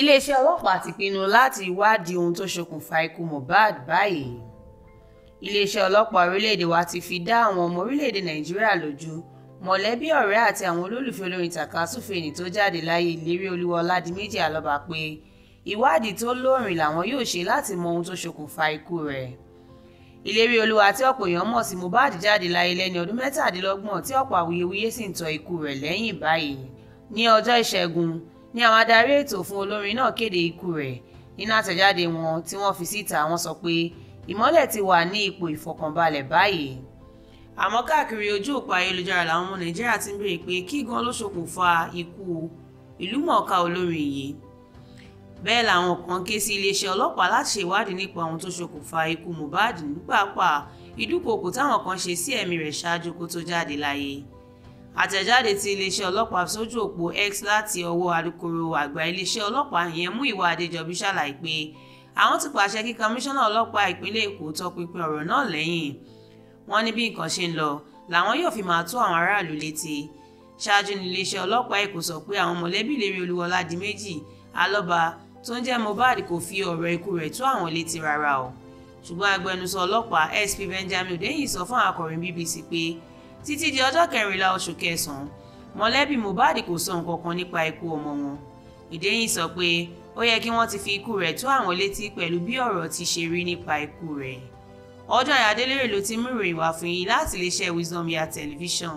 iléeṣẹ́ ọlọ́pàá ti pinnu láti wádìí ohun tó ṣokùnfà ikú Mohbad báyìí iléeṣẹ́ ọlọ́pàá orílẹ̀ wa ti fi dá àwọn ọmọ orílẹ̀-èdè Nàìjíríà lójú mọ̀lẹ́bí ọ̀rẹ́ àti àwọn olólùfẹ́ olórin tàkasúfèénì tó jáde láyé ìlérí di ọládìméjì àlọ́ba pé ìwádìí tó lóòrìn làwọn yóò ṣe láti mọ ohun tó ṣokùnfà ikú rẹ̀ ìlérí olúwa tí ọ̀pọ̀ èèyàn mọ̀ sí Mohbad jáde láyé lẹ́ni ọdún mẹ́tàdínlọ́gbọ̀n tí ọ̀pọ̀ awuyewuye sì ń tọ ikú rẹ̀ lẹ́yìn báyìí ní ọjọ́ ìṣẹ́gun ni àwọn adarí ètò fún olórin náà kéde ikú rẹ̀ nínú àtẹ̀jáde wọn tí wọ́n fi síta wọ́n sọ pé ìmọ́lẹ̀ ti wà ní ipò ìfọkànbalẹ̀ báyìí àmọ́ káàkiri ojú òpó ayélujára làwọn ọmọ nàìjíríà ti ń béèrè pé kí gan ló ṣokùnfà ikú ìlúmọ̀ọ́ká olórin yìí bẹ́ẹ̀ làwọn kan ké sí iléeṣẹ́ ọlọ́pàá láti ṣe ìwádìí nípa ohun tó ṣokùnfà ikú Mohbad nípàápàá ìdúkokò táwọn kan ṣe sí ẹ̀mí rẹ̀ ṣáájú kó tó jáde láyé àtẹ̀jáde ti iléeṣẹ́ ọlọ́pàá sójú òpó X láti ọwọ́ alukoro àgbà iléeṣẹ́ ọlọ́pàá ìyẹn Múyìwá Adéjọbí ṣàlàyé pé àwọn ti pàṣẹ kí kọmíṣánná ọlọ́pàá ìpínlẹ̀ Èkó tọpinpin ọ̀rọ̀ náà lẹ́yìn wọ́n ní bí nǹkan ṣe ń lọ làwọn yóò fi máa tó àwọn aráàlú létí ṣáájú ní iléeṣẹ́ ọlọ́pàá Èkó sọ pé àwọn mọ̀lẹ́bí Ìlérí Olúwọlá di méjì alọ́ba tó ń jẹ́ Mohbad kò fi ọ̀rọ̀ ikú rẹ̀ tó àwọn létí rárá o ṣùgbọ́n agbẹnusọ ọlọ́pàá SP Benjamin Odeyin sọ fún akọ̀ròyìn BBC pé títí di ọjọ́ kẹrìnlá oṣù kẹsàn-án mọ̀lẹ́bí Mohbad kò sọ nǹkan kan nípa ikú ọmọ wọn Ìdẹ́yìn sọ pé ó yẹ kí wọ́n ti fi ikú rẹ̀ tó àwọn létí pẹ̀lú bí ọ̀rọ̀ ti ṣe rí nípa ikú rẹ̀ Ọjọ́ Adélérè ló ti mú ìròyìn wá fún yín láti iléeṣẹ́ Wisdom Yard television.